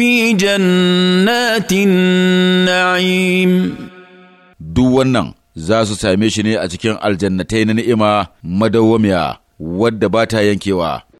في جنات النعيم دوانا زاسو سامي شني أتكين الجنتين نئما مدوميا wadda ba ta